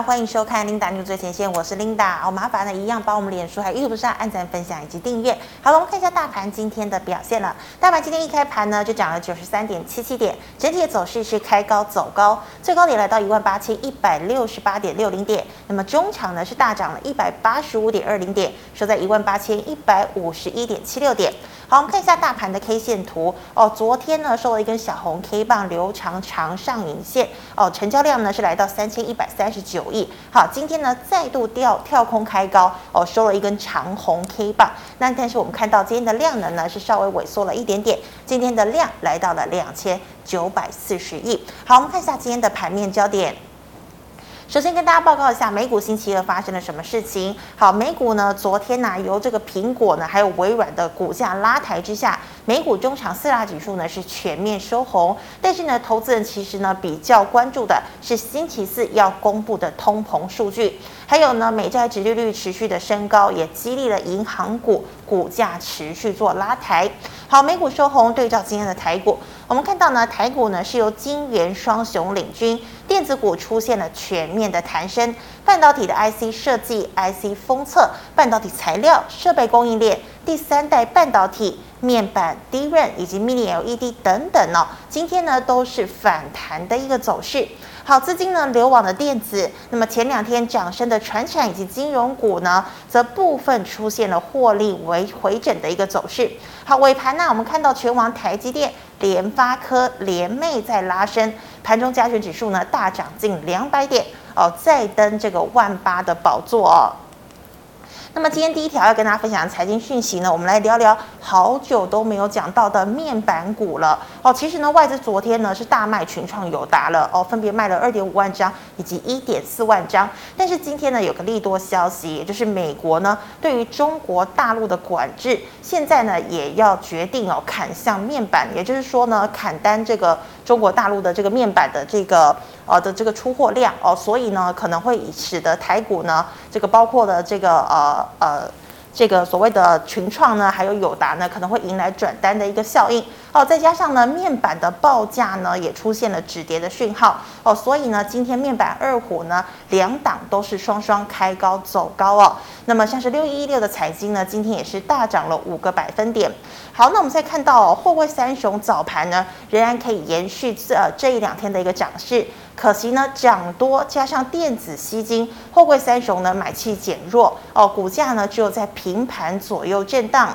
啊、歡迎收看 Linda News 最錢線，我是 Linda、哦。麻煩呢一樣幫我們臉書還有 YouTube 上按讚、分享以及訂閱。好了，我們看一下大盤今天的表現了。大盤今天一開盤呢，就漲了九十三點七七點，整體的走勢是開高走高，最高點來到一萬八千一百六十八點六零點。那麼中場呢是大漲了一百八十五點二零點，收在一萬八千一百五十一點七六點。好，我們看一下大盤的 K 線圖哦。昨天呢收了一根小紅 K 棒，留長長上影線哦。成交量呢是來到三千一百三十九億。好，今天呢再度掉跳空開高哦，收了一根長紅 K 棒。那但是我們看到今天的量能呢是稍微萎縮了一點點，今天的量來到了兩千九百四十億。好，我們看一下今天的盤面焦點。首先跟大家報告一下美股星期二發生了什麼事情。好，美股呢昨天呢、啊、由這個蘋果呢還有微軟的股價拉抬之下，美股終場四大指數呢是全面收紅。但是呢，投資人其實呢比較關注的是星期四要公布的通膨數據，還有呢美債殖利率持續的升高，也激勵了銀行股股價持續做拉抬。好，美股收紅，對照今天的台股。我們看到呢，台股呢是由晶圓雙雄領軍，電子股出現了全面的彈升，半導體的 IC 設計、IC 封測、半導體材料、設備供應鏈、第三代半導體、面板、DRAM 以及 Mini LED 等等呢、哦，今天呢都是反彈的一個走勢。好，資金呢流往了電子，那麼前兩天漲升的傳產以及金融股呢，則部分出現了獲利為回整的一個走勢。好，尾盤呢，我們看到權王台積電、聯發科聯袂在拉升，盤中加權指數呢大漲近兩百點哦，再登這個萬八的寶座哦。那麼今天第一條要跟大家分享的財經訊息呢，我們來聊聊好久都沒有講到的面板股了哦。其實呢，外資昨天呢是大賣群創、友達了哦，分別賣了二點五萬張以及一點四萬張。但是今天呢，有個利多消息，也就是美國呢對於中國大陸的管制，現在呢也要決定哦砍向面板，也就是說呢砍單這個。中國大陸的這個面板的這個呃的這個出貨量哦、呃，所以呢可能會使得台股呢這個包括了這個呃呃。呃這個所謂的群創呢，還有友達呢，可能會迎來轉單的一個效應哦。再加上呢，面板的報價呢，也出現了止跌的訊號哦。所以呢，今天面板二虎呢，兩檔都是雙雙開高走高哦。那麼像是六一六的彩晶呢，今天也是大漲了五個百分點。好，那我們再看到、哦，貨櫃三雄早盤呢，仍然可以延續這這一兩天的一個漲勢。可惜呢，漲多加上電子吸金，貨櫃三雄呢買氣減弱哦，股價呢只有在平盤左右震盪。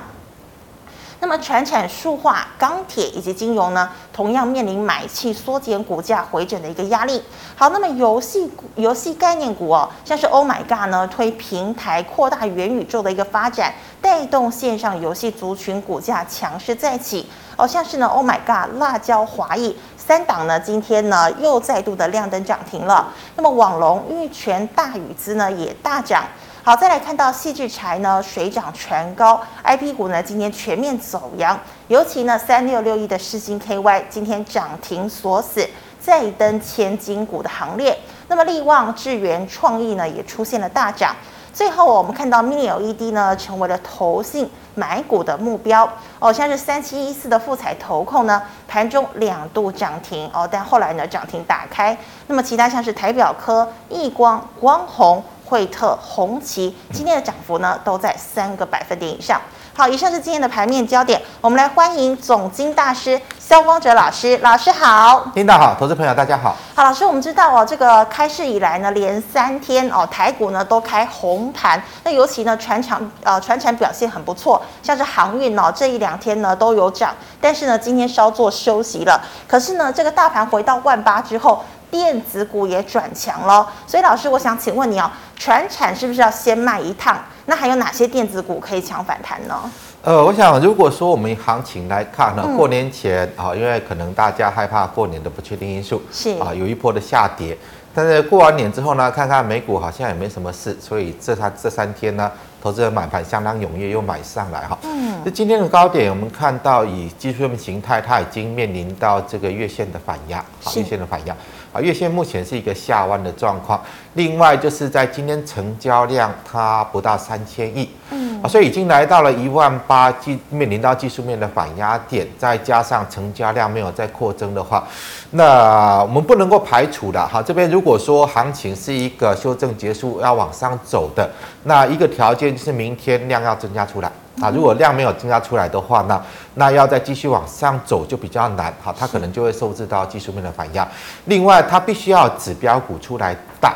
那麼，傳產塑化、鋼鐵以及金融呢，同樣面臨買氣縮減、股價回整的一個壓力。好，那麼遊戲股、遊戲概念股哦，像是 Oh My God 呢，推平台擴大元宇宙的一個發展，帶動線上遊戲族群股價強勢再起。哦，像是呢，歐買尬，辣椒、華義三檔呢，今天呢又再度的亮燈漲停了。那麼網龍、昱泉、大宇資呢也大漲。好，再來看到矽智財呢水漲船高，I P 股呢今天全面走揚，尤其呢三六六一的世芯 K Y 今天漲停鎖死，再登千金股的行列。那麼力旺、智原、創意呢也出現了大漲。最後，我們看到 Mini LED 呢成為了投信買股的目標哦。像是三七一四的富采投控呢，盤中兩度漲停哦，但後來呢漲停打開。那麼其他像是台表科、億光、光紅、惠特、紅旗，今天的漲幅呢都在三個百分點以上。好，以上是今天的盤面焦點。我們來歡迎總經大師蕭光哲老師，老師好，Linda 好，投資朋友大家好。好，老師，我們知道哦，這個開市以來呢，連三天哦，台股呢都開紅盤。那尤其呢，傳產呃，傳產表現很不錯，像是航運哦，這一兩天呢都有漲。但是呢，今天稍作休息了。可是呢，這個大盤回到萬八之後，電子股也轉強了，所以老師，我想請問你哦，傳產是不是要先賣一趟？那還有哪些電子股可以搶反彈呢？呃，我想如果說我們行情來看呢，嗯、過年前啊、哦，因為可能大家害怕過年的不確定因素，是啊、呃，有一波的下跌。但是過完年之後呢，看看美股好像也沒什麼事，所以這他這三天呢，投資人買盤相當踴躍，又買上來哈。哦、嗯，那今天的高點我們看到，以技術面形態，它已經面臨到這個月線的反壓，是月線的反壓。啊，月線目前是一個下彎的狀況。另外，就是在今天成交量它不到三千億，嗯，啊，所以已經來到了一萬八，即面臨到技術面的反壓點，再加上成交量沒有再擴增的話，那我們不能夠排除的哈、啊。這邊如果說行情是一個修正結束要往上走的，那一個條件就是明天量要增加出來。啊，如果量沒有增加出來的話呢，那要再繼續往上走就比較難。好、啊，它可能就會受制到技術面的反壓。是另外，它必須要指標股出來大。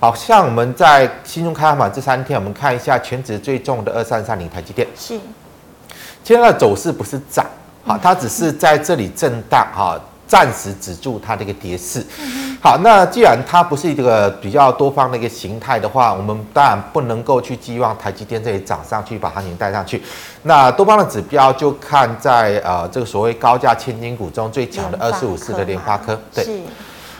好、啊、像我們在新春開紅盤這三天，我們看一下權值最重的二三三零台積電是。今天的走勢不是漲，好、啊，它只是在這裡震盪哈，暫、啊、時止住它的一個跌勢。 好，那既然它不是這個比較多方的一個形態的話，我們當然不能夠去寄望台積電這裡漲上去把行情帶上去。那多方的指標就看在呃這個所謂高價千金股中最強的二四五四的聯發科。對，是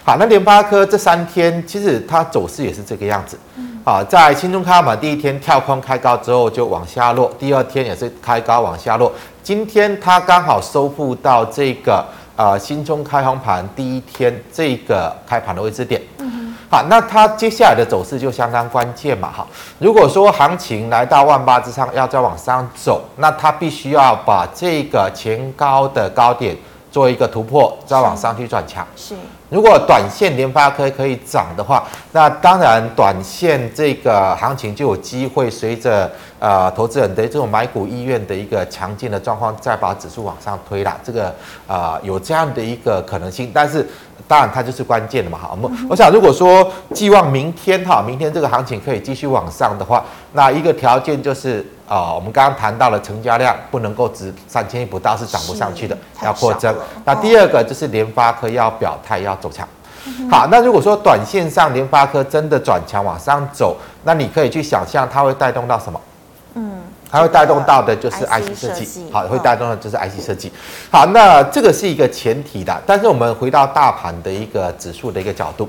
好，那聯發科這三天其實它走勢也是這個樣子。嗯、啊，在新春開盤第一天跳空開高之後就往下落，第二天也是開高往下落，今天它剛好收復到這個。啊、呃，新春開紅盤第一天這個開盤的位置點，嗯哼，好，那它接下來的走勢就相當關鍵嘛，哈。如果說行情來到萬八之上，要再往上走，那它必須要把這個前高的高點做一個突破，再往上去轉強。是。如果短線聯發科可以漲的話，那當然短線這個行情就有機會，隨着呃投資人的這種買股意願的一個強勁的狀況，再把指數往上推了。這個啊、呃、有這樣的一個可能性，但是。當然，它就是關鍵的嘛。好，我們我想，如果說寄望明天哈，明天這個行情可以繼續往上的話，那一個條件就是啊、呃，我們剛剛談到了成交量不能夠值三千億，不到是漲不上去的，是要擴增。好好，那第二個就是聯發科要表態，要走強。好，那如果說短線上聯發科真的轉強往上走，那你可以去想象它會帶動到什麼？還會帶動到的就是 IC 設計，好，會帶動的就是 IC 設計，好，那這個是一個前提的，但是我們回到大盤的一個指數的一個角度，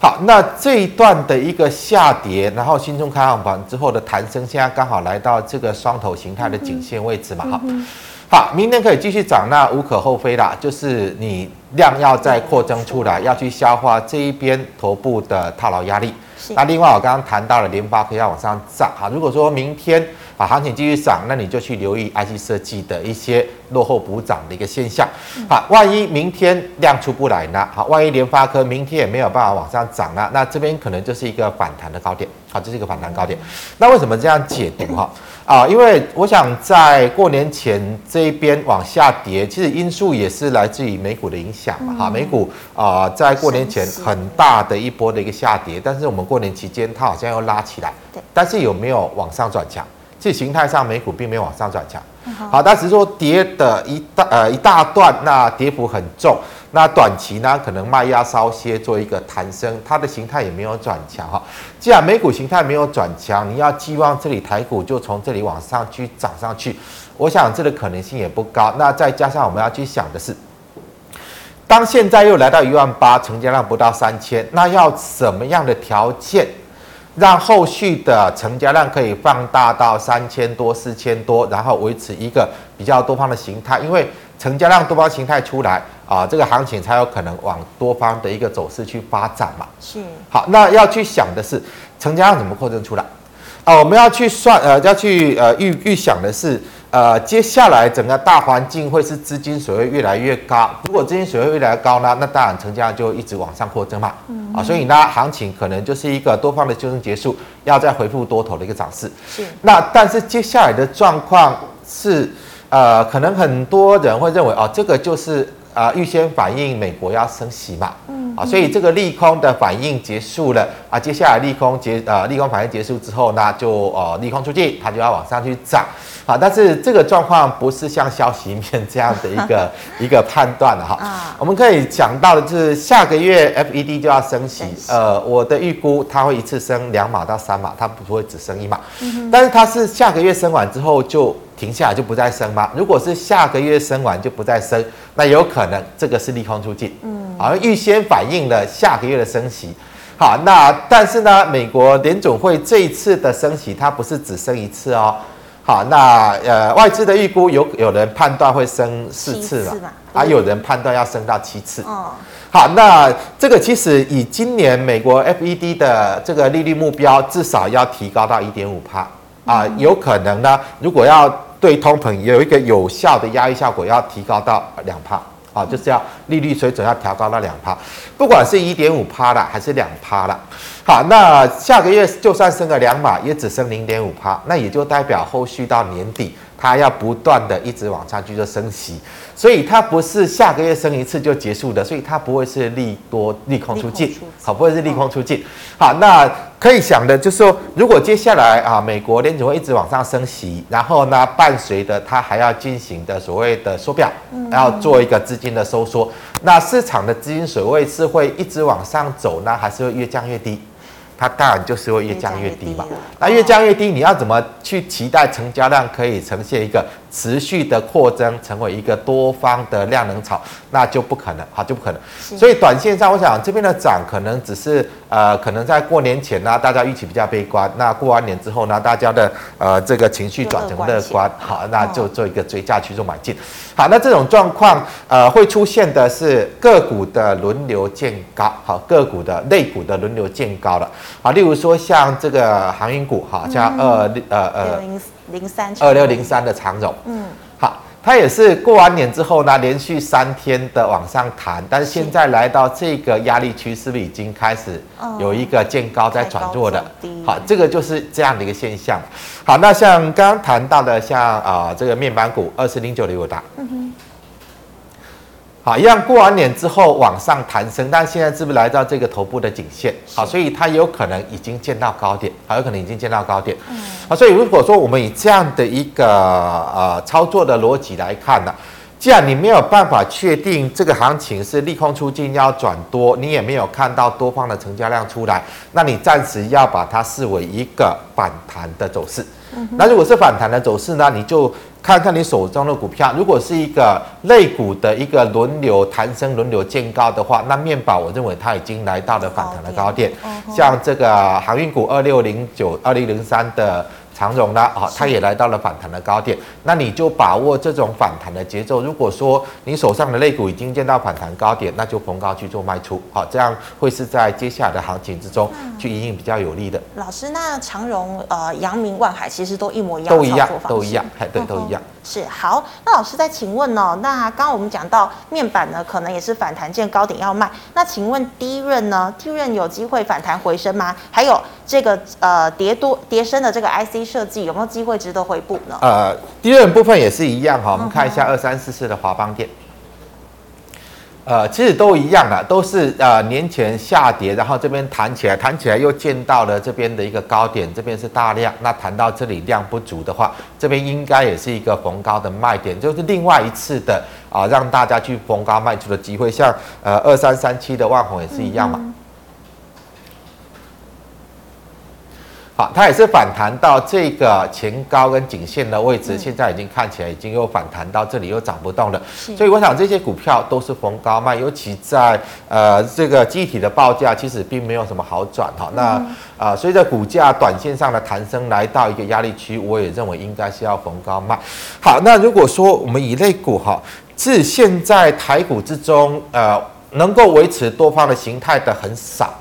好，那這一段的一個下跌，然後新春開紅盤之後的彈升，現在剛好來到這個雙頭形態的頸線位置嘛，好、嗯，嗯、好，明天可以繼續漲，那無可厚非啦，就是你量要再擴增出來，要去消化這一邊頭部的套牢壓力，是那另外我剛剛談到了聯發科可以要往上漲，哈，如果說明天。把、啊、行情繼續漲，那你就去留意 IC 設計的一些落後補漲的一個現象。好、啊，萬一明天量出不來呢？好、啊，萬一聯發科明天也沒有辦法往上漲呢、啊？那這邊可能就是一個反彈的高點。啊。這、就是一個反彈高點。那為什麼這樣解讀？哈啊，因為我想在過年前這邊往下跌，其實因素也是來自於美股的影響哈、啊，美股啊、呃，在過年前很大的一波的一個下跌，但是我們過年期間它好像又拉起來。對。但是有沒有往上轉強？這形態上，美股並沒有往上轉強，好，但只是說跌的一大呃一大段，那跌幅很重，那短期呢，可能賣壓稍歇，做一個彈升，它的形態也沒有轉強哈、哦。既然美股形態沒有轉強，你要寄望這裡台股就從這裡往上去漲上去，我想這個可能性也不高。那再加上我們要去想的是，當現在又來到一萬八，成交量不到三千，那要什麼樣的條件？讓後續的成交量可以放大到三千多，四千多，然後維持一個比較多方的形態，因為成交量多方形態出來啊、呃，這個行情才有可能往多方的一個走勢去發展嘛。是，好，那要去想的是成交量怎麼擴增出來啊、呃？我們要去算，呃，要去呃預預想的是。呃，接下來整個大環境會是資金水位越來越高。如果資金水位越來越高呢，那當然成交量就一直往上擴增嘛。嗯嗯啊，所以呢，行情可能就是一個多方的修正結束，要再回復多頭的一個漲勢。是。那但是接下來的狀況是，呃，可能很多人會認為啊、哦，這個就是。啊，預、呃、先反應美國要升息嘛，嗯哼，啊，所以這個利空的反應結束了啊，接下來利空結呃，利空反應結束之後呢，就呃，利空出盡，它就要往上去漲，啊，但是這個狀況不是像消息面這樣的一個 一個判斷哈，啊，啊我們可以講到的就是下個月 F E D 就要升息，呃，我的預估它會一次升兩碼到三碼，它不會只升一碼，嗯哼但是它是下個月升完之後就。停下來就不再升嗎？如果是下個月升完就不再升，那有可能這個是利空出盡，嗯，而預先反映了下個月的升息。好，那但是呢，美國聯準會這一次的升息，它不是只升一次哦。好，那呃，外資的預估有有人判斷會升四次了，次嘛啊，有人判斷要升到七次。哦，好，那這個其實以今年美國 FED 的這個利率目標，至少要提高到一點五趴啊，呃嗯、有可能呢，如果要。對通膨有一個有效的壓抑效果，要提高到兩趴啊，就是要利率水準要調高到兩趴，不管是一點五趴啦還是兩趴啦，好，那下個月就算升個兩碼，也只升零點五趴，那也就代表後續到年底。它要不斷的一直往上去做升息，所以它不是下個月升一次就結束的，所以它不會是利多利空出盡，好，不會是利空出盡。哦、好，那可以想的就是說，如果接下來啊，美國聯準會一直往上升息，然後呢，伴隨着它還要進行的所謂的縮表，嗯、要做一個資金的收縮，那市場的資金水位是會一直往上走呢，還是會越降越低？它當然就是會越降越低嘛，越降越低，那越降越低，你要怎麼去期待成交量可以呈現一個持續的擴增，成為一個多方的量能草，那就不可能，好，就不可能。是所以，短線上，我想這邊的漲可能只是，呃，可能在過年前呢、呃，大家預期比較悲觀。那過完年之後呢，大家的呃這個情緒轉成樂觀，好，那就做一個追價去做買進。哦、好，那這種狀況，呃，會出現的是個股的輪流見高，好，個股的類股的輪流見高了。好，例如說像這個航運股，哈，像呃呃呃。呃二六零三的長榮，嗯，好，它也是過完年之後呢，連續三天的往上彈，但是現在來到這個壓力區，是不是已經開始有一個見高在轉弱的？好，這個就是這樣的一個現象。好，那像剛剛談到的像，像、呃、啊這個面板股二四零九的打，友達、嗯好，一樣過完年之後往上彈升，但現在是不是來到這個頭部的頸線？好，所以它有可能已經見到高點，好，有可能已經見到高點。嗯，好，所以如果說我們以這樣的一個呃操作的邏輯來看呢，啊，既然你沒有辦法確定這個行情是利空出盡要轉多，你也沒有看到多方的成交量出來，那你暫時要把它視為一個反彈的走勢。嗯、那如果是反彈的走勢呢？你就看看你手中的股票，如果是一個類股的一個輪流彈升，輪流見高的話，那面板我認為它已經來到了反彈的高點。高哦哦、像這個航運股二六零九、二零零三的。長榮呢啊，哦、他也來到了反彈的高點，是那你就把握這種反彈的節奏。如果說你手上的類股，已經見到反彈高點，那就逢高去做賣出，好、哦，這樣會是在接下來的行情之中去因應比較有利的。嗯、老師，那長榮、呃、陽明、萬海其實都一模一樣的操作方式，都一樣，都一樣，是對，都一樣。嗯、是好，那老師再請問哦，那剛剛我們講到面板呢，可能也是反彈見高點要賣，那請問 DRAM 呢？DRAM 有機會反彈回升嗎？還有這個呃跌多跌深的這個 IC。設計有沒有機會值得回補呢？呃，第二部分也是一樣哈、哦，我們看一下二三四四的華邦電，呃，其實都一樣啊，都是呃年前下跌，然後這邊彈起來，彈起來又見到了這邊的一個高點，這邊是大量，那彈到這裡量不足的話，這邊應該也是一個逢高的賣點，就是另外一次的啊、呃，讓大家去逢高賣出的機會，像呃二三三七的旺宏也是一樣嘛。嗯嗯好，它也是反彈到這個前高跟頸線的位置，嗯、現在已經看起來已經又反彈到這裡，又漲不動了。是所以我想這些股票都是逢高賣，尤其在呃這個記憶體的報價其實並沒有什麼好轉哈、哦。那啊、呃，隨着股價短線上的彈升來到一個壓力區，我也認為應該是要逢高賣。好，那如果說我們以類股哈，至、哦、現在台股之中，呃，能夠維持多方的形態的很少。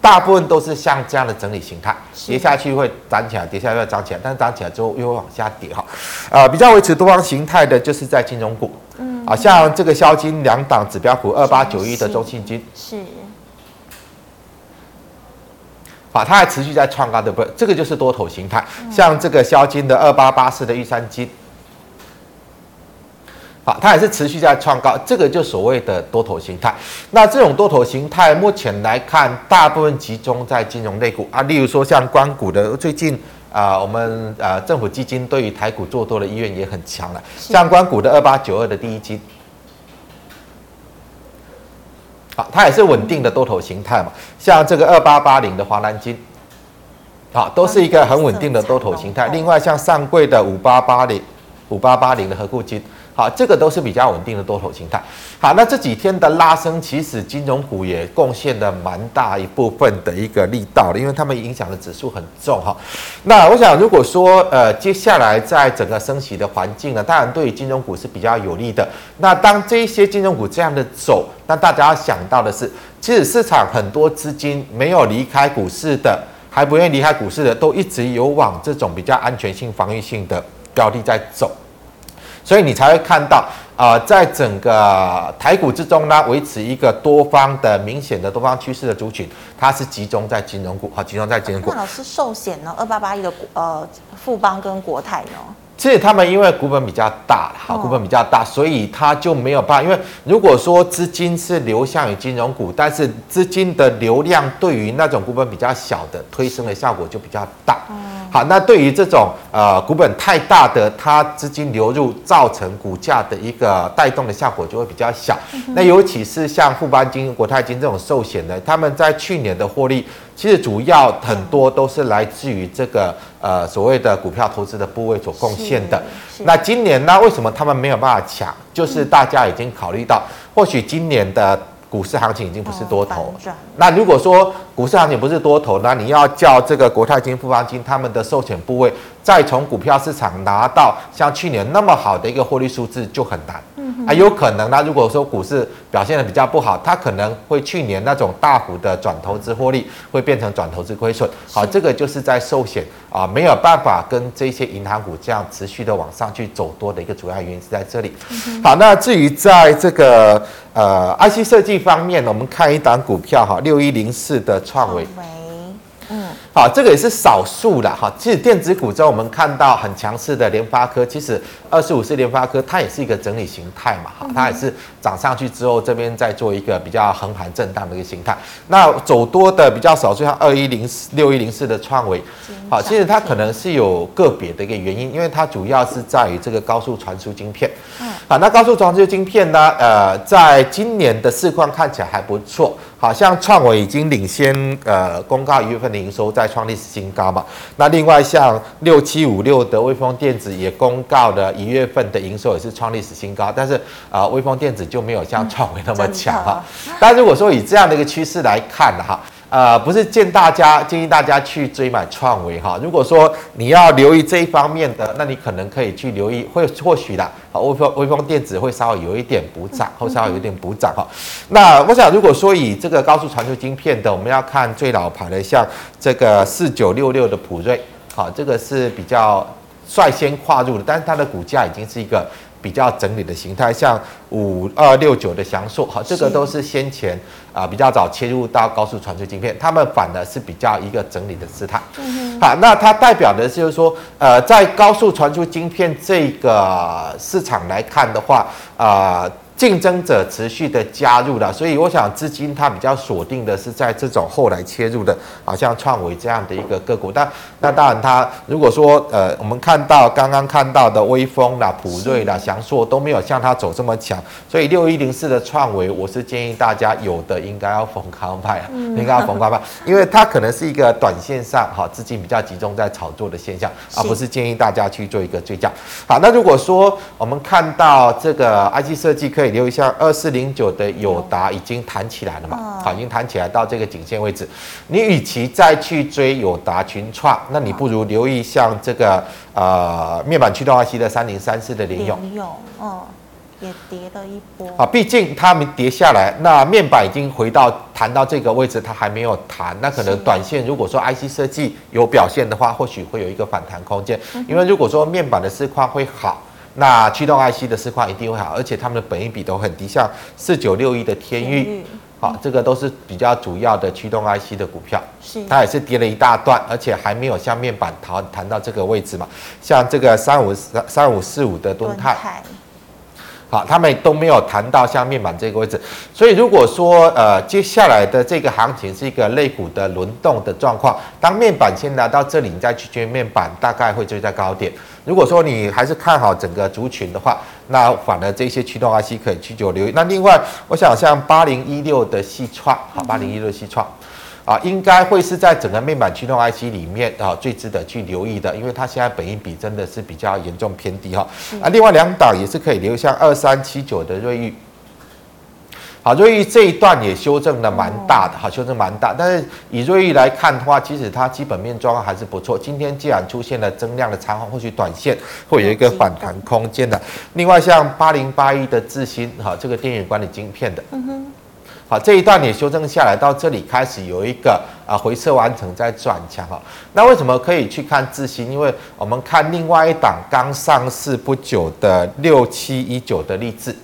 大部分都是像這樣的整理形態，跌下去會漲起來，跌下去會漲起來，但是漲起來之後又會往下跌哈。啊、呃，比較維持多方形態的就是在金融股，嗯，啊，像這個消金兩檔指標股二八九一的中信金是，好、啊，它還持續在創高的，不是，這個就是多頭形態，像這個消金的二八八四的玉山金，它也是持續在創高，這個就所謂的多頭形態。那這種多頭形態，目前來看，大部分集中在金融類股啊，例如說像官股的最近啊、呃，我們呃政府基金對於台股做多的意願也很強了，像官股的二八九二的第一金是、啊，它也是穩定的多頭形態嘛。像這個二八八零的華南金，好、啊，都是一個很穩定的多頭形態。是另外像上櫃的五八八零、五八八零的合庫金。好，這個都是比較穩定的多頭形態。好，那這幾天的拉升，其實金融股也貢獻了蠻大一部分的一個力道的，因為他們影響的指數很重哈。那我想，如果說呃接下來在整個升息的環境呢，當然對於金融股是比較有利的。那當這些金融股這樣的走，那大家要想到的是，其實市場很多資金沒有離開股市的，還不願意離開股市的，都一直有往這種比較安全性、防禦性的標的在走。所以你才會看到，呃，在整個台股之中呢，維持一個多方的明顯的多方趨勢的族群，它是集中在金融股，好，集中在金融股。呃，那老師，壽險呢？二八八一的呃，富邦跟國泰呢？是他們因為股本比較大，好，股本比較大，所以他就沒有辦法。因為如果說資金是流向於金融股，但是資金的流量對於那種股本比較小的推升的效果就比較大。好，那對於這種呃股本太大的，它資金流入造成股價的一個帶動的效果就會比較小。那尤其是像富邦金、國泰金這種壽險呢，他們在去年的獲利。其實主要很多都是來自於這個呃所謂的股票投資的部位所貢獻的。那今年呢，為什麼他們沒有辦法搶？就是大家已經考慮到，嗯、或許今年的股市行情已經不是多頭。正那如果說，嗯股市行情不是多頭，那你要叫這個國泰金、富邦金，他們的壽險部位，再從股票市場拿到像去年那麼好的一個獲利數字就很難。嗯哼，還、啊、有可能呢。如果說股市表現得比較不好，它可能會去年那種大幅的轉投資獲利，會變成轉投資虧損。好，這個就是在壽險啊、呃、沒有辦法跟這些銀行股這樣持續的往上去走多的一個主要原因是在這裡。嗯、哼好，那至於在這個呃 IC 設計方面，我們看一檔股票哈，六一零四的。創惟，嗯，好，這個也是少數的。哈。其實電子股中，我們看到很強勢的聯發科，其實二四五四聯發科，它也是一個整理形態嘛哈，它也是漲上去之後，這邊在做一個比較橫盤震盪的一個形態。那走多的比較少，就像二一零四、六一零四的創惟，好，其實它可能是有個別的一個原因，因為它主要是在於這個高速傳輸晶片。嗯，好，那高速傳輸晶片呢，呃，在今年的市況看起來還不錯。好像創惟已經領先，呃，公告一月份的營收再創歷史新高嘛。那另外像六七五六的威鋒電子也公告了一月份的營收也是創歷史新高，但是啊、呃，威鋒電子就沒有像創惟那麼強啊。嗯、但如果說以這樣的一個趨勢來看的、啊呃，不是建大家建議大家去追買創惟哈。如果說你要留意這一方面的，那你可能可以去留意，或或許的，威鋒威鋒電子會稍微有一點補漲，會稍微有一點補漲哈。哦、 那我想，如果說以這個高速傳輸晶片的，我們要看最老牌的像這個四九六六的譜瑞，好、哦，這個是比較率先跨入的，但是它的股價已經是一個。比較整理的形態，像五二六九的祥碩，好，這個都是先前啊是、呃、比較早切入到高速傳輸晶片，他們反而是比較一個整理的姿態，嗯、哼好，那它代表的是就是說，呃，在高速傳輸晶片這個市場來看的話，啊、呃。競爭者持續的加入了，所以我想資金它比較鎖定的是在這種後來切入的好、啊、像創惟這樣的一個個股。但那當然，它如果說呃，我們看到剛剛看到的威鋒啦、譜瑞啦、祥碩都沒有像它走這麼強，所以六一零四的創惟，我是建議大家有的應該要逢高派、啊，應該要逢高派、啊，因為它可能是一個短線上哈、啊、資金比較集中在炒作的現象，而、啊、不是建議大家去做一個追漲。好，那如果說我們看到這個 IC 設計可以。留意一下二四零九的友達已經彈起來了嘛？啊、嗯，已經彈起來到這個頸線位置。你與其再去追友達群創，那你不如留意像這個呃面板驅動 IC 的三零三四的聯詠。聯詠哦，也跌了一波啊。畢竟它沒跌下來，那面板已經回到彈到這個位置，它還沒有彈，那可能短線如果說 IC 設計有表現的話，或許會有一個反彈空間。因為如果說面板的市況會好。那驅動 IC 的市況一定會好，而且他們的本益比都很低，像四九六一的天鈺，好玉、啊，這個都是比較主要的驅動 IC 的股票，是的，它也是跌了一大段，而且還沒有像面板談談到這個位置嘛，像這個三五四，三五四五的敦泰，好，他們都沒有談到像面板這個位置，所以如果說呃接下來的這個行情是一個類股的輪動的狀況，當面板先拿到這裡，你再去追面板，大概會追在高點。如果說你還是看好整個族群的話，那反而這些驅動 IC 可以去久留意。那另外，我想像八零一六的矽創，好，八零一六的矽創。啊，應該會是在整個面板驅動 IC 裡面啊最值得去留意的，因為它現在本益比真的是比較嚴重偏低哈。啊，是另外兩檔也是可以留下二三七九的瑞昱，好，瑞昱這一段也修正的蠻大的哈、哦，修正蠻大。但是以瑞昱來看的話，其實它基本面狀況還是不錯。今天既然出現了增量的長紅，或許短線會有一個反彈空間的。嗯、哼另外像八零八一的致新哈、啊，這個電源管理晶片的。嗯哼好，這一段也修正下來，到這裡開始有一個啊回撤完成在轉、在轉強。那為什麼可以去看致新？因為我們看另外一檔剛上市不久的六七一九的力智，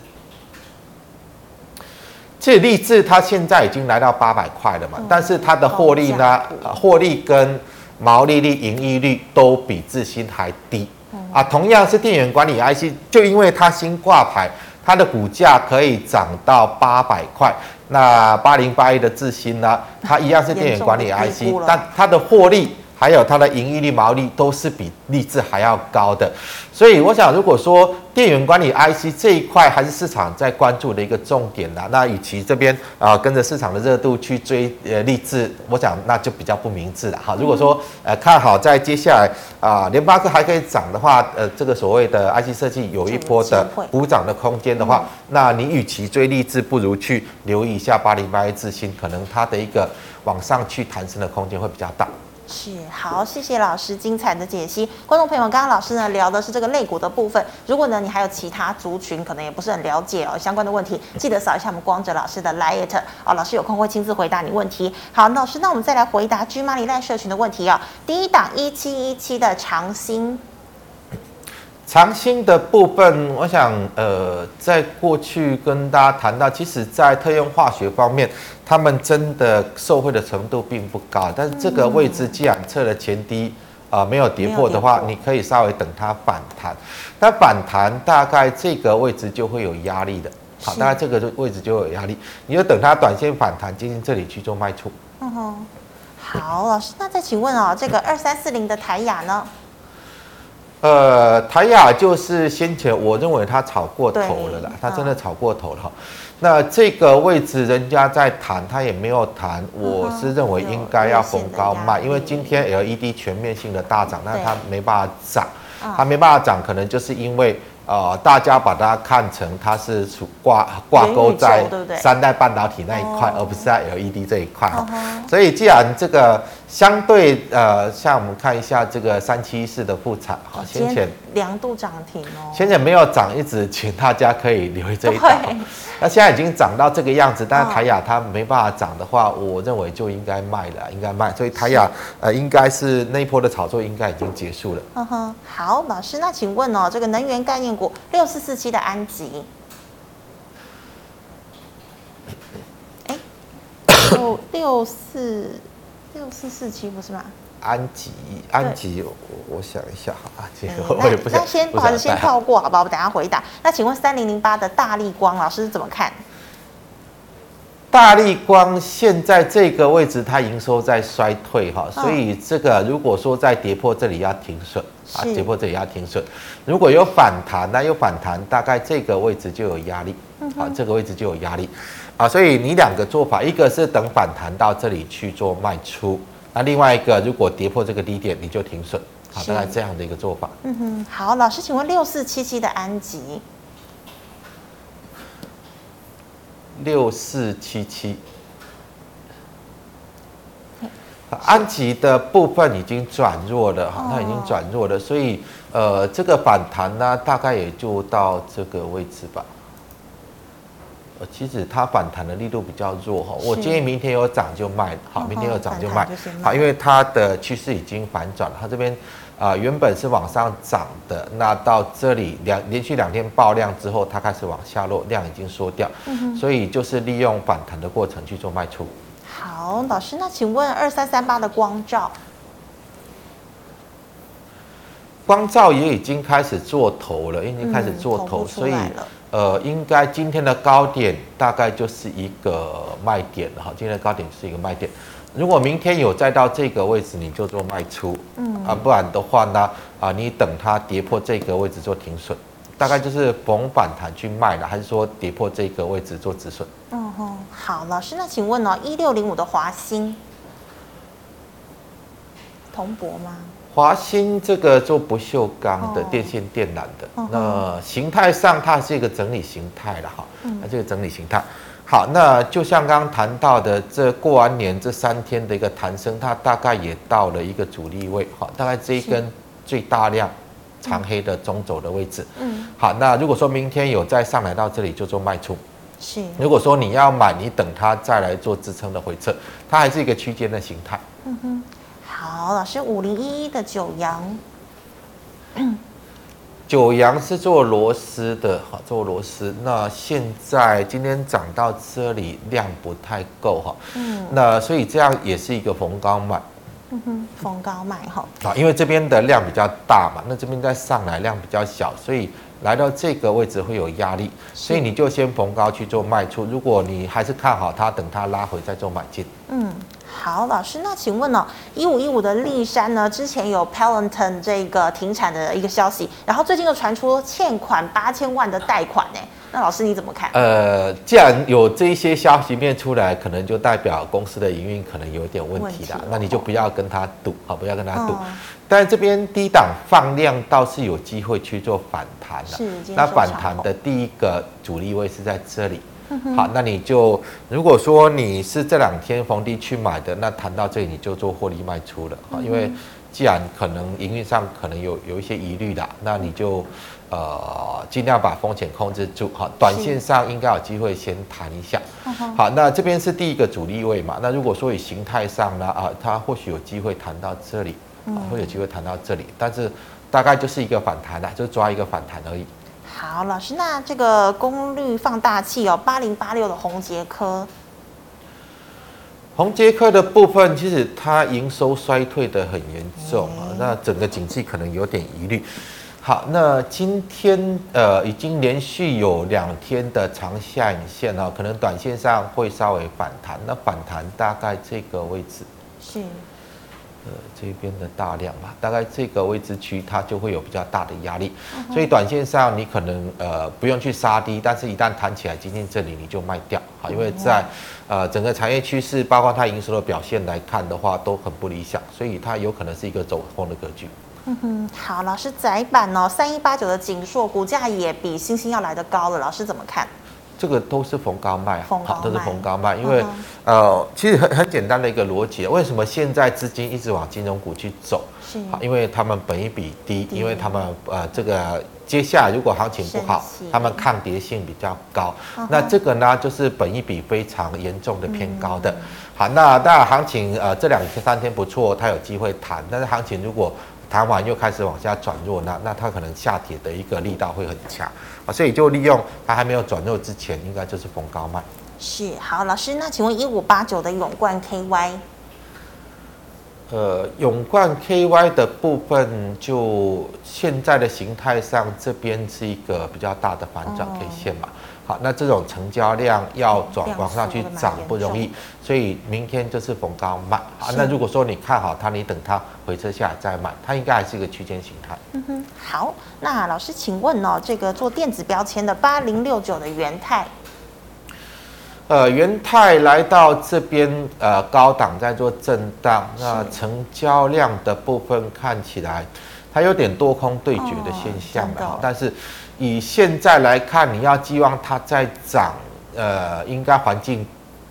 這力智它現在已經來到八百塊了嘛，嗯、但是它的獲利呢，獲、啊、利跟毛利率、盈利率，都比致新還低啊。同樣是電源管理 IC，就因為它新掛牌。它的股價可以漲到八百塊，那八零八一的致新呢？它一樣是電源管理 IC，但它的獲利。還有它的營益率、毛利都是比力智還要高的，所以我想，如果說電源管理 IC 這一塊還是市場在關注的一個重點啦，那與其這邊啊、呃、跟着市場的熱度去追呃力智，我想那就比較不明智了哈。如果說呃看好在接下來啊聯發科還可以漲的話，呃這個所謂的 IC 設計有一波的補漲的空間的話，那你與其追力智，不如去留意一下八零八一致新，可能它的一個往上去彈升的空間會比較大。是好，謝謝老師精彩的解析。觀眾朋友們，剛剛老師呢聊的是這個類股的部分。如果呢你還有其他族群可能也不是很了解哦，相關的問題，記得掃一下我們光哲老師的 LINE 啊、哦，老師有空會親自回答你問題。好，那老師，那我們再來回答 GMoney Line 賴社群的問題哦，第一檔一七一七的長興。長興的部分，我想，呃，在過去跟大家談到，其實在特用化學方面，他們真的受惠的程度並不高，但是這個位置既然測了前低，啊、呃，沒有跌破的話，你可以稍微等它反彈，但反彈大概這個位置就會有壓力的，好，是大概這個位置就有壓力，你就等它短線反彈，接近這裡去做賣出。嗯哼，好，老師，那再請問哦，這個二三四零的台亞呢？呃，台亞就是先前我認為它炒過頭了啦，對它真的炒過頭了。嗯、那這個位置人家在談，它也沒有談。嗯、哼我是認為應該要逢高賣，因為今天 LED 全面性的大漲，那它沒辦法漲，對它沒辦法漲，嗯、它沒辦法漲可能就是因為啊、呃，大家把它看成它是掛掛鈎在三代半導體那一塊，而、哦哦、不是在 LED 這一塊。嗯、哼所以既然這個。相對呃，像我們看一下這個三七四的復產哈，先、哦、前兩度漲停哦，先前，前沒有漲，一直請大家可以留意這一檔。對那現在已經漲到這個樣子，但是台亞它沒辦法漲的話，哦、我認為就應該賣了，應該賣。所以台亞是呃，應該是那一波的炒作應該已經結束了。呵呵、嗯，好，老師，那請問哦，這個能源概念股六四四七的安吉，哎、欸，六四。 哦六四四七不是嗎？安吉，安吉，對我我想一下，哈、嗯，安吉，我也不想先，先，不，想好好不好意思，先跳過，好吧，我等下回答。那請問三零零八的大立光老師怎麼看？大立光現在這個位置，它營收在衰退哈，哦、所以這個如果說在跌破這裡要停損，啊是。跌破這裡要停損。如果有反彈那有反彈，大概這個位置就有壓力，好、嗯哼，這個位置就有壓力。啊，所以你兩個做法，一個是等反彈到這裡去做賣出，那另外一個如果跌破這個低點，你就停損，好，大概這樣的一個做法。嗯哼，好，老師，請問六四七七的安集，六四七七，是安集的部分已經轉弱了哈，它已經轉弱了，弱了哦，所以呃，這個反彈呢，大概也就到這個位置吧。其實它反彈的力度比較弱哈，我建議明天有漲就賣，好，明天有漲就賣，好，因為它的趨勢已經反轉，它這邊啊、呃、原本是往上漲的，那到這裡兩連續兩天爆量之後，它開始往下落，量已經縮掉，所以就是利用反彈的過程去做賣出。好，老師，那請問二三三八的光罩，光罩也已經開始做頭了，已經開始做頭，所以。呃，應該今天的高點大概就是一個賣點了哈。今天的高點就是一個賣點，如果明天有再到這個位置，你就做賣出。嗯啊，不然的話呢，啊，你等它跌破這個位置做停損，大概就是逢反彈去賣了，還是說跌破這個位置做止損？嗯哼，好，老師，那請問哦，一六零五的華新，銅箔嗎？華新這個做不鏽鋼的、哦、電線電纜的，哦、哼那形態上它是一個整理形態了哈，那這、嗯、個整理形態，好，那就像剛剛談到的，這過完年這三天的一個彈升，它大概也到了一個阻力位哈、哦，大概這一根最大量長黑的中軸的位置，嗯是，好，那如果說明天有再上來到這裡就做賣出，是，如果說你要買，你等它再來做支撐的回撤，它還是一個區間的形態，嗯哼。好，老師五零一一的九陽，嗯、九陽是做螺絲的哈，做螺絲。那現在今天漲到這裡量不太夠哈，嗯，那所以這樣也是一個逢高賣，嗯哼，逢高賣哈。嗯、因為這邊的量比較大嘛，那這邊再上來量比較小，所以來到這個位置會有壓力，所以你就先逢高去做賣出。如果你還是看好它，等它拉回再做買進，嗯。好，老師，那請問呢、哦？一五一五的力山呢，之前有 Peloton 這個停產的一個消息，然後最近又傳出欠款八千萬的貸款，哎，那老師你怎麼看？呃，既然有這一些消息面出來，可能就代表公司的營運可能有點問題的問題，哦，那你就不要跟他賭，好、哦，不要跟他賭。哦，但這邊低檔放量，倒是有機會去做反彈了。是那反彈的第一個阻力位是在這裡。嗯、好，那你就如果說你是這兩天逢低去買的，那彈到這裡你就做獲利賣出了啊，嗯、因為既然可能營運上可能有有一些疑慮的，那你就呃盡量把風險控制住哈。短線上應該有機會先彈一下。是好，那這邊是第一個主力位嘛，那如果說以形態上呢啊，它、呃、或許有機會彈到這裡，啊、嗯，會有機會彈到這裡，但是大概就是一個反彈啦，就抓一個反彈而已。好，老師，那這個功率放大器哦，八零八六的宏捷科。宏捷科的部分其實它營收衰退的很嚴重啊 Okay.、哦，那整個景氣可能有點疑慮。好，那今天呃已經連續有兩天的長下影線啊、哦，可能短線上會稍微反彈，那反彈大概這個位置是。呃，這邊的大量嘛，大概這個位置區它就會有比較大的壓力，嗯、哼所以短線上你可能呃不用去殺低，但是一旦彈起來接近這裡你就賣掉好，因為在呃整個產業趨勢包括它營收的表現來看的話都很不理想，所以它有可能是一個走空的格局。嗯哼，好，老師載板哦，三一八九的景碩，股價也比欣興要來得高了，老師怎麼看？這個都是逢高賣好，都是逢高賣。因為，嗯、哼呃，其實很很簡單的一個邏輯，為什麼現在資金一直往金融股去走？是好，因為他們本益比低，低因為他們呃這個接下來如果行情不好，他們抗跌性比較高。嗯、哼那這個呢，就是本益比非常嚴重的偏高的。嗯、好，那當然行情呃這兩天三天不錯，它有機會彈。但是行情如果彈完又開始往下轉弱，那那它可能下跌的一個力道會很強啊，所以就利用它還沒有轉弱之前，應該就是逢高賣。是好，老師，那請問一五八九的永冠 KY，呃，永冠 KY 的部分，就現在的形態上，這邊是一個比較大的反轉 K 線嘛。哦好，那這種成交量要轉往上去漲不容易，嗯、所以明天就是逢高買。是那如果說你看好它，你等它回撤下來再買，它應該還是一個區間形態。嗯哼，好，那老師請問哦，這個做電子標籤的八零六九的元泰，呃，元泰來到這邊呃高檔在做震盪，好那成交量的部分看起來它有點多空對決的現象、哦、的、哦，但是。以現在來看，你要希望它再漲，呃，應該環境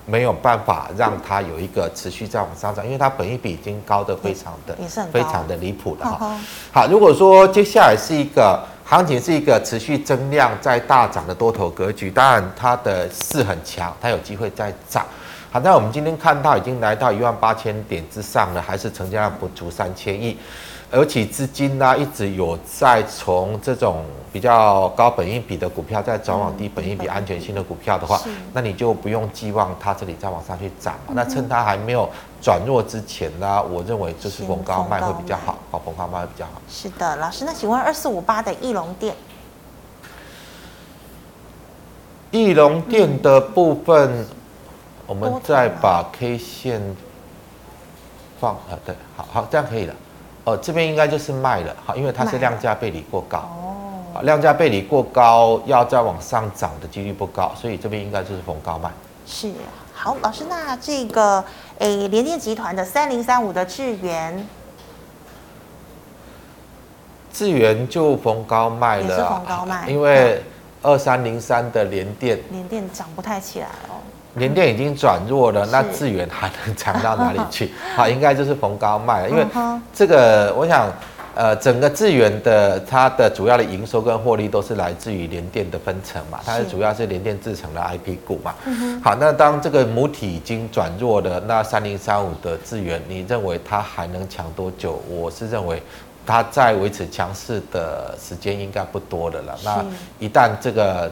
沒有辦法讓它有一個持續再往上漲，因為它本益比已經高得非常的，也是很高的，非常的離譜了哈。呵呵好，如果說接下來是一個行情是一個持續增量在大漲的多頭格局，當然它的勢很強，它有機會再漲。好，那我們今天看到已經來到一萬八千點之上了，還是成交量不足三千億。而且資金呢、啊，一直有在從這種比較高本益比的股票，再轉往低本益比、安全性的股票的話，嗯、那你就不用寄望它這裡再往上去漲了。嗯、哼那趁它還沒有轉弱之前呢、啊，我認為就是逢高賣會比較好，逢、哦、高賣會比較好。是的，老師，那請問二四五八的義隆電，義隆電的部分，嗯、我們再把 K 線放，啊、哦，對，好好這樣可以了。哦，這邊應該就是賣了，好，因為它是量價背離過高哦，量價背離過高，要再往上漲的幾率不高，所以這邊應該就是逢高賣。是，好，老、哦、師，那這個誒，聯、欸、電集團的三零三五的智原，智原就逢高賣了。是逢高賣，因為二三零三的聯電，聯、哦、電漲不太起來了。聯、嗯、電已經轉弱了，是那智原還能強到哪裡去？ 好，應該就是逢高賣了。因為這個，我想，呃，整個智原的它的主要的營收跟獲利都是來自於聯電的分成嘛，是它主要是聯電製程的 IP 股嘛。嗯、哼好，那當這個母體已經轉弱了，那三零三五的智原，你認為它還能強多久？我是認為它再維持強勢的時間應該不多的了。是那一旦這個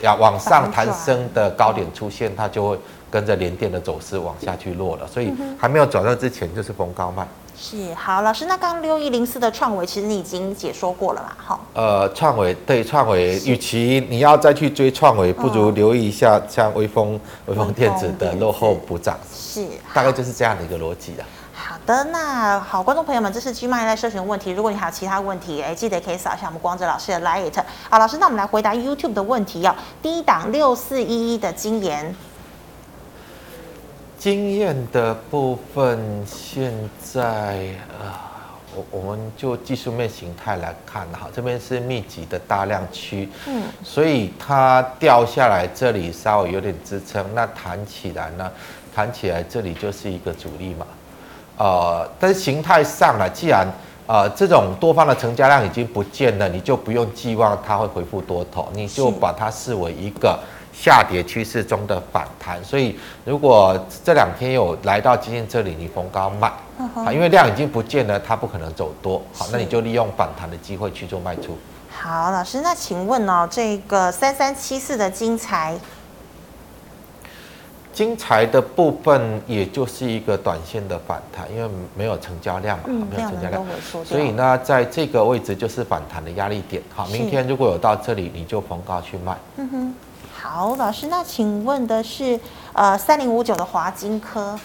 要往上彈升的高點出現，它就會跟着聯電的走勢往下去落了，所以還沒有轉到之前就是逢高賣。是好，老師，那剛剛六一零四的創惟，其實你已經解說過了嘛？哈。呃，創惟對創惟，與是其你要再去追創惟，不如留意一下像威鋒、威鋒電子的落後補漲，是大概就是這樣的一個邏輯啊。好的，那好，觀眾朋友們，這是 GMoney 在社群問題。如果你還有其他問題，哎，記得可以掃一下我們光哲老師的 Line。好，老師，那我們來回答 YouTube 的問題第、哦、低檔六四一一的晶焱，晶焱的部分現在啊、呃，我我們就技術面形態來看，哈，這邊是密集的大量區，嗯，所以它掉下來這裡稍微有點支撐，那彈起來呢，彈起來這裡就是一個阻力嘛。呃，但是形態上了，啊，既然呃這種多方的成交量已經不見了，你就不用寄望它會回復多頭，你就把它視為一個下跌趨勢中的反彈。是所以如果這兩天有來到基金這裡，你逢高賣，嗯、哼啊，因為量已經不見了，它不可能走多，好，是那你就利用反彈的機會去做賣出。好，老師，那請問哦，這個三三七四的精彩。精彩的部分也就是一個短線的反彈，因為沒有成交量嘛，嗯、沒有成交量，嗯、所以呢，在這個位置就是反彈的壓力點。哦、好，是明天如果有到這裡，你就逢高去賣。嗯哼，好，老師，那請問的是呃，三零五九的華金科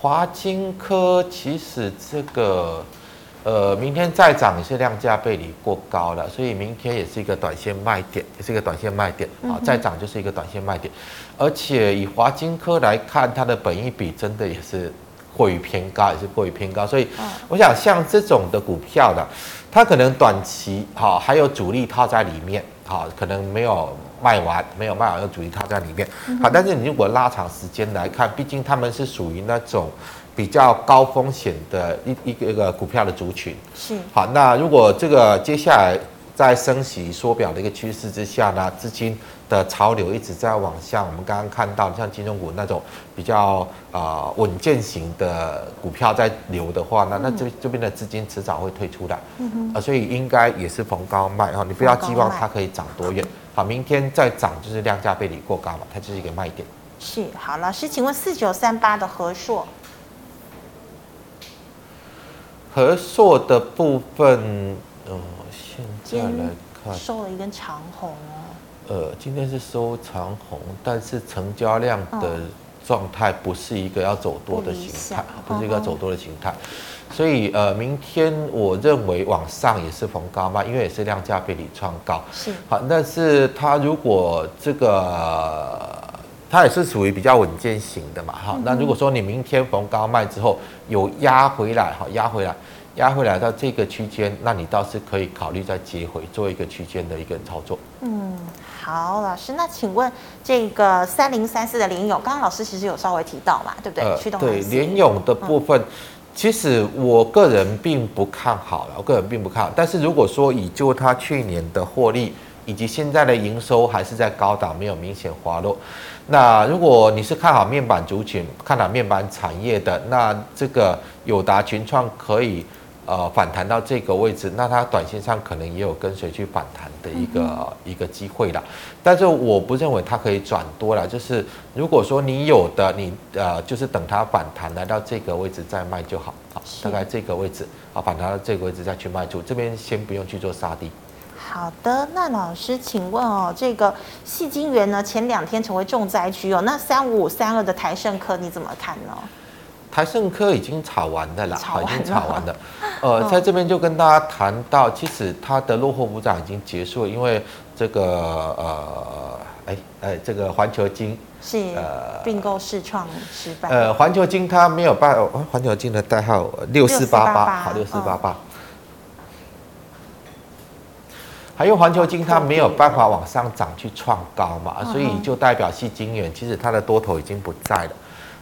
華晶科，華晶科其實這個。呃，明天再漲也是量價背離過高了，所以明天也是一個短線賣點，也是一個短線賣點啊。好，嗯哼。再漲就是一個短線賣點，而且以華金科來看，它的本益比真的也是過於偏高，也是過於偏高。所以，我想像這種的股票的，它可能短期好、哦、還有主力套在裡面好、哦，可能沒有賣完，沒有賣完有主力套在裡面好。但是你如果拉長時間來看，畢竟他們是屬於那種。比較高風險的一個一個個股票的族群是好，那如果這個接下來在升息縮表的一個趨勢之下呢，資金的潮流一直在往下，我們剛剛看到像金融股那種比較啊穩、呃、健型的股票在流的話那、嗯、那這這邊的資金遲早會退出來，呃、嗯哼，所以應該也是逢高賣哈，你不要期望它可以漲多遠，好，明天再漲就是量價背離過高了，它就是一個賣點。是好，老師，請問四九三八的和碩。可塑的部分，呃，現在來看，收了一根長紅了。呃，今天是收長紅，但是成交量的狀態不是一個要走多的形態，哦、不是一個要走多的形態。哦、所以，呃，明天我認為往上也是逢高賣，因為也是量價背離創高。是，好，但是他如果這個。它也是屬於比較穩健型的嘛，哈、嗯。那如果說你明天逢高賣之後有壓回來，哈，壓回來，壓回來到這個區間，那你倒是可以考慮再接回做一個區間的一個操作。嗯，好，老師，那請問這個三零三四的聯詠，剛剛老師其實有稍微提到嘛，對不對？呃，驅動對聯詠的部分，嗯、其實我個人並不看好了，我個人並不看好。但是如果說以就它去年的獲利以及現在的營收還是在高檔，沒有明顯滑落。那如果你是看好面板族群、看好面板產業的，那這個友達、群創可以呃反彈到這個位置，那它短線上可能也有跟隨去反彈的一個、嗯、哼一個機會啦，但是我不認為它可以轉多了，就是如果說你有的，你呃就是等它反彈來到這個位置再賣就好，好是，大概這個位置啊反彈到這個位置再去賣出，這邊先不用去做殺低。好的，那老師，請問哦、喔，這個矽晶圓呢，前兩天成為重災區哦。那三五三二的台勝科你怎麼看呢？台勝科已經炒完了啦，了已經炒完了。 呃，在這邊就跟大家談到，其實它的落後補漲已經結束了，因為這個呃，哎、欸、哎、欸，這個環球晶是呃併購世創失敗。呃，環球晶它沒有辦法，環、哦、球晶的代號六四八八，好，六四八八。哦還用環球晶，它沒有辦法往上漲去創高嘛，哦、所以就代表矽晶圓，其實它的多頭已經不在了。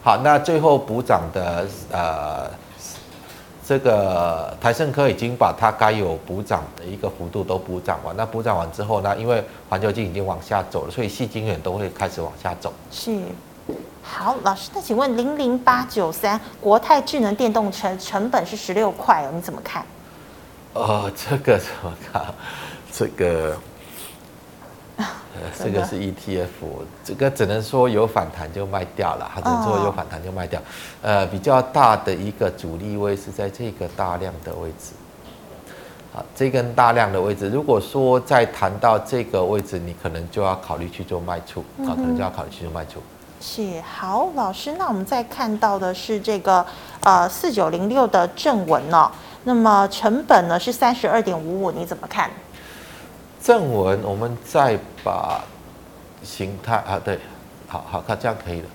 好，那最後補漲的，呃，這個台勝科已經把它該有補漲的一個幅度都補漲完，那補漲完之後呢，因為環球晶已經往下走了，所以矽晶圓都會開始往下走。是，好，老師，那請問零零八九三國泰智能電動車成本是十六塊，你怎麼看？哦，這個怎麼看？這個，呃、的這個是 ETF，這個只能說有反彈就賣掉了。還能說有反彈就賣掉。哦、呃，比較大的一個阻力位是在這個大量的位置。啊、這根大量的位置，如果說再談到這個位置，你可能就要考慮去做賣出。啊，可能就要考慮去做賣出、嗯。是，好，老師，那我們再看到的是這個呃四九零六的正文呢、哦，那麼成本呢是三十二點五五，你怎麼看？正文我們再把形態啊，對，好好看這樣可以了。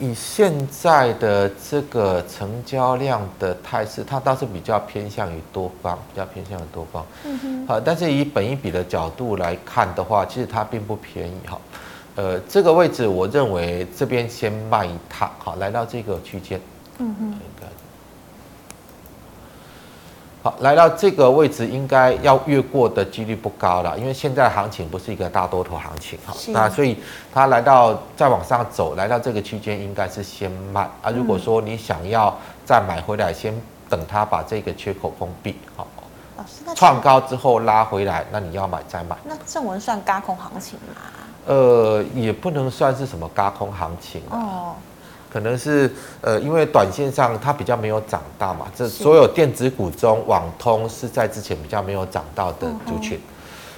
以現在的這個成交量的態勢，它倒是比較偏向於多方，比較偏向於多方。嗯，好哼，但是以本益比的角度來看的話，其實它並不便宜哈。呃，這個位置我認為這邊先賣一趟。好，來到這個區間。嗯哼好，來到這個位置應該要越過的幾率不高了，因為現在行情不是一個大多頭行情哈，是那所以他來到再往上走，來到這個區間應該是先賣啊。如果說你想要再買回來，先等他把這個缺口封閉，好，創高之後拉回來，那你要買再買。那正文算軋空行情嗎？呃，也不能算是什麼軋空行情，啊、哦。可能是呃，因為短線上它比較沒有長大嘛。是這所有電子股中，網通是在之前比較沒有漲到的族群。Uh huh.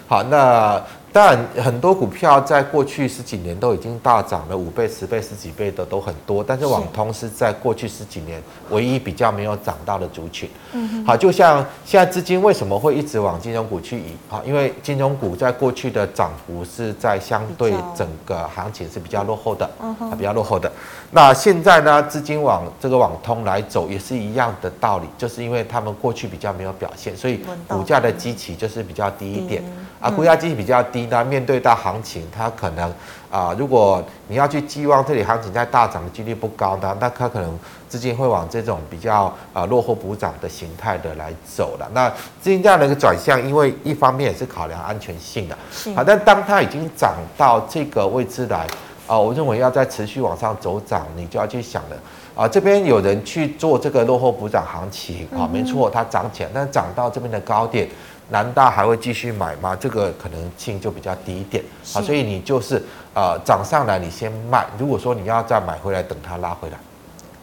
好，那當然很多股票在過去十幾年都已經大漲了五倍、十倍、十幾倍的都很多，但是網通是在過去十幾年唯一比較沒有漲到的族群。嗯、uh huh. 好，就像現在資金為什麼會一直往金融股去移？啊，因為金融股在過去的漲幅是在相對整個行情是比較落後的，嗯、uh huh. 比較落後的。那現在呢？資金往這個網通來走也是一樣的道理，就是因為他們過去比較沒有表現，所以股價的基期就是比較低一點。嗯嗯嗯、啊，股價基期比較低呢，面對到行情，它可能啊、呃，如果你要去寄望這裡行情再大漲的幾率不高呢，那它可能資金會往這種比較啊、呃、落後補漲的形態的來走了。那資金這樣的一個轉向，因為一方面也是考量安全性的，好是，但當它已經漲到這個位置來。啊、哦，我認為要再持續往上走漲，你就要去想了。啊、呃，這邊有人去做這個落後補漲行情啊、哦，沒錯，它漲起來，但漲到這邊的高點，難道還會繼續買嗎？這個可能性就比較低一點啊、哦。所以你就是啊，漲、呃、上來你先賣，如果說你要再買回來，等它拉回來。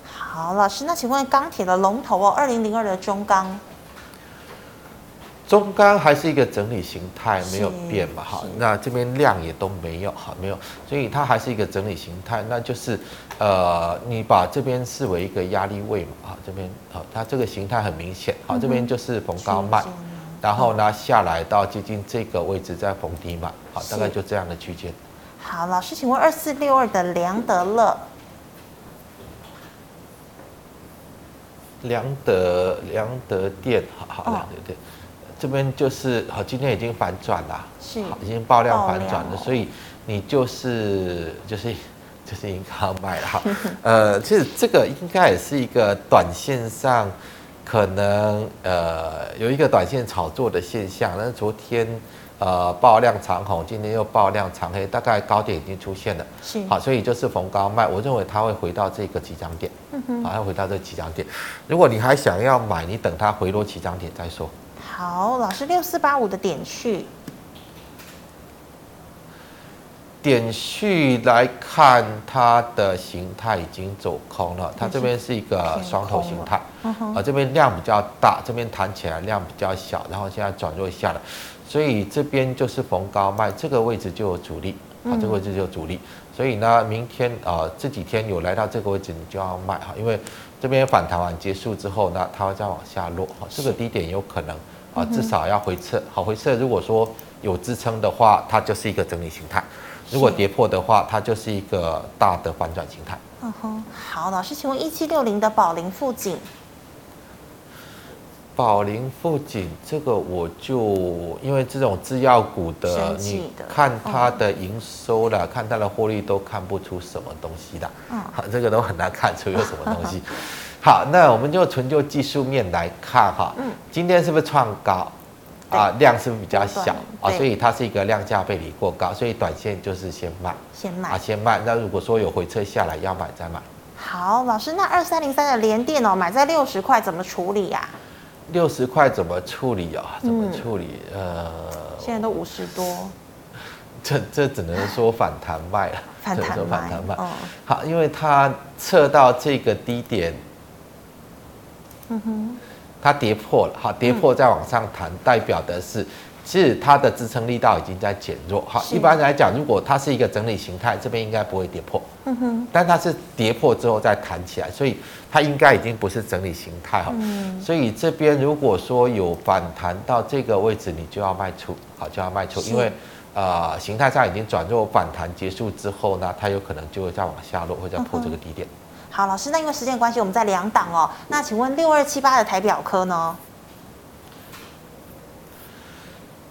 好，老師，那請問鋼鐵的龍頭哦，二零零二的中鋼。中鋼還是一個整理形態，沒有變嘛？是好，是那這邊量也都沒有，哈，沒有，所以它還是一個整理形態。那就是，呃，你把這邊視為一個壓力位嘛？哈，這邊好、哦，它這個形態很明顯。好，這邊就是逢高賣，嗯、然後呢，下來到接近這個位置再逢低買。好，大概就這樣的區間。好，老師，請問二四六二的良得電，良得、良得電，好，好良得電。這邊就是好，今天已經反轉了，是，已經爆量反轉了，哦、所以你就是就是就是應該要賣了。 呃，其實這個應該也是一個短線上可能呃有一個短線炒作的現象。但是昨天呃爆量長紅，今天又爆量長黑，大概高點已經出現了，是，好，所以就是逢高賣。我認為它會回到這個起漲點，嗯哼，還回到這起漲點。如果你還想要買，你等它回落起漲點再說。好，老師六四八五的點序，點序來看，它的形態已經走空了。它這邊是一個雙頭形態，啊，uh huh. 這邊量比較大，這邊彈起來量比較小，然後現在轉弱下了，所以這邊就是逢高賣，這個位置就有阻力，啊、嗯，這個位置就有阻力。所以呢，明天啊、呃，這幾天有來到這個位置，你就要賣哈，因為這邊反彈完結束之後呢，它會再往下落，這個低點有可能。至少要回撤，好回撤。如果說有支撐的話，它就是一個整理形態；如果跌破的話，它就是一個大的反轉形態。嗯哼，uh huh. 好，老師，請問一七六零的寶齡富錦，寶齡富錦這個我就因為這種制藥股的，的你看它的營收了，uh huh. 看它的獲利都看不出什麼東西的，嗯、uh，huh. 好，這個都很難看出有什麼東西。Uh huh. 好，那我們就純就技術面來看哈，嗯，今天是不是創高對啊？量是不是比較小啊？所以它是一個量價背離過高，所以短線就是先賣，先賣買啊，先賣。那如果說有回撤下來，要買再買。好，老師，那二三零三的聯電哦，買在六十塊怎麼處理呀？六十塊怎麼處理啊？怎麼處理哦、怎麼處理？嗯、呃，現在都五十多，這這只能說反彈賣了，反彈賣。哦，好，因為它測到這個低點。嗯，它跌破了，好，跌破再往上彈，代表的是，嗯、其實它的支撐力道已經在減弱。好，是一般來講，如果它是一個整理形態，這邊應該不會跌破。嗯、哼但它是跌破之後再彈起來，所以它應該已經不是整理形態哈。嗯、所以這邊如果說有反彈到這個位置，你就要賣出，好，就要賣出，是因為，呃，形態上已經轉弱，反彈結束之後呢，它有可能就會再往下落，會再破這個低點。嗯好，老師，那因為時間關係，我們再兩檔哦。那請問六二七八的台表科呢？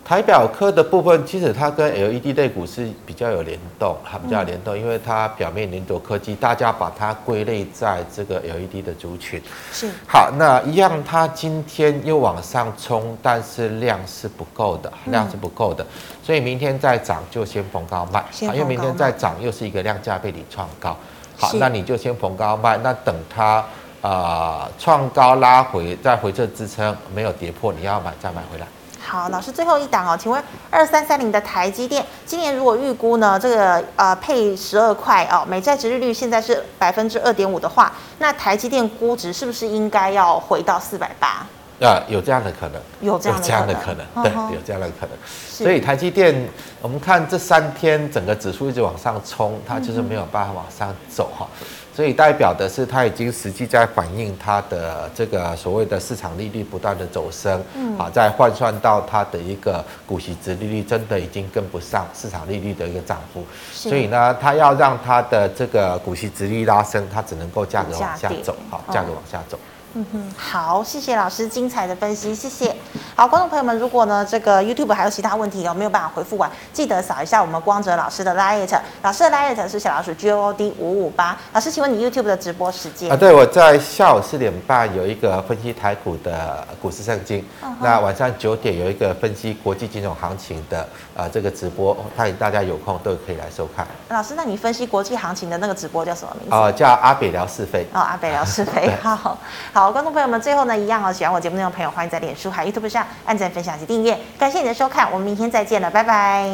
台表科的部分，其實它跟 LED 類股是比較有聯動，它比較聯動，嗯、因為它表面零度科技，大家把它歸類在這個 LED 的族群。是。好，那一樣它今天又往上衝，但是量是不夠的，量是不夠的，嗯、所以明天再漲就先逢高賣，好，因為明天再漲又是一個量價背離創高。好，那你就先逢高賣，那等它，啊、呃、創高拉回再回測支撐沒有跌破，你要買再買回來。好，老師最後一檔哦，請問二三三零的台積電今年如果預估呢？這個呃配十二塊哦，美債殖利率現在是百分之二點五的話，那台積電估值是不是應該要回到四百八？啊、呃，有這樣的可能，有這樣,樣有這樣的可能，呵呵對，有這樣的可能。是所以台積電，是我們看這三天整個指數一直往上衝，它就是沒有辦法往上走哈。嗯嗯所以代表的是它已經實際在反映它的這個所謂的市場利率不斷的走升，啊、嗯，在換算到它的一個股息殖利率真的已經跟不上市場利率的一個漲幅。是所以呢，它要讓它的這個股息殖利率拉升，它只能夠價格往下走，哈，價、嗯、格往下走。嗯哼，好，謝謝老師精彩的分析，謝謝。好，觀眾朋友們，如果呢，這個 YouTube 還有其他問題哦，沒有辦法回復完，記得掃一下我們光哲老師的 Line，老師的 Line 是小老鼠 G O D 五五八。8，老師，請問你 YouTube 的直播時間啊？對，我在下午四點半有一個分析台股的股市聖經，哦、那晚上九點有一個分析國際金融行情的呃這個直播，歡迎大家有空都可以來收看啊。老師，那你分析國際行情的那個直播叫什麼名字？哦、叫阿北聊是非。哦，阿北聊是非，好啊、好。好好，觀眾朋友們，最後呢，一樣哦。喜歡我節目內容的朋友，歡迎在臉書、還有 YouTube 上按讚、分享及訂閱。感謝你的收看，我們明天再見了，拜拜。